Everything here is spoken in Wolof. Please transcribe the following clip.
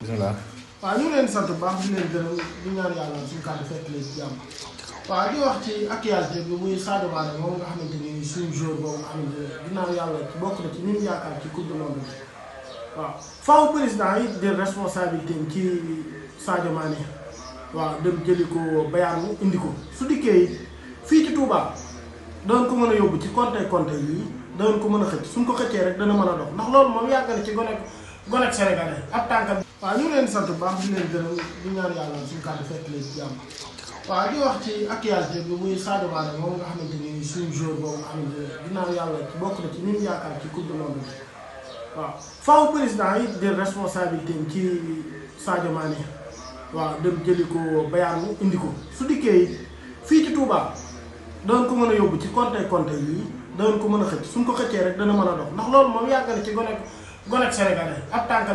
bisimilah. waaw ñu leen sant bu baax di leen di ñaan yàlla suñu kàddu fekk leen ci jàmm. waaw di wax ci actualité bi muy Sadio Mané moom nga xamante ni suñu joueur boobu nga xamante ni dinaa yàlla bokk na ci ñun yaakaar ci coupe du monde bi waaw faaw président yi jël responsabilité ci Sadio Mané waaw dem jëli ko Bayern mu indi ko su dikkee fii ci Touba doon ko mën a yóbbu ci conté conté yi doon ko mën a xëcc suñ ko xëccee rek dana mën a dox ndax loolu moom yàgg ci gone man ak sénégalais ab tànkam. waaw ñu ngi leen sant bu baax di leen gërëm di yàlla suñu kàddu fekk leen jàmm waaw di wax ci actualité bi muy Sadio Mané moom nga xamante ni suñu joueur boobu nga xamante ni ginnaaw yàlla bokk na ci ñun yaakaar ci coupe du monde waaw faaw président yi jël responsabilité ci Sadio Mané waaw dem jëli ko Bayern mu indi ko su dikkee fii ci Touba doon ko mën a yóbbu ci conté conté yi doon ko mën a xëcc suñ ko xëccee rek dana mën a dox ndax loolu moom yàgg ci gone gone ak sénégalais ab tànkam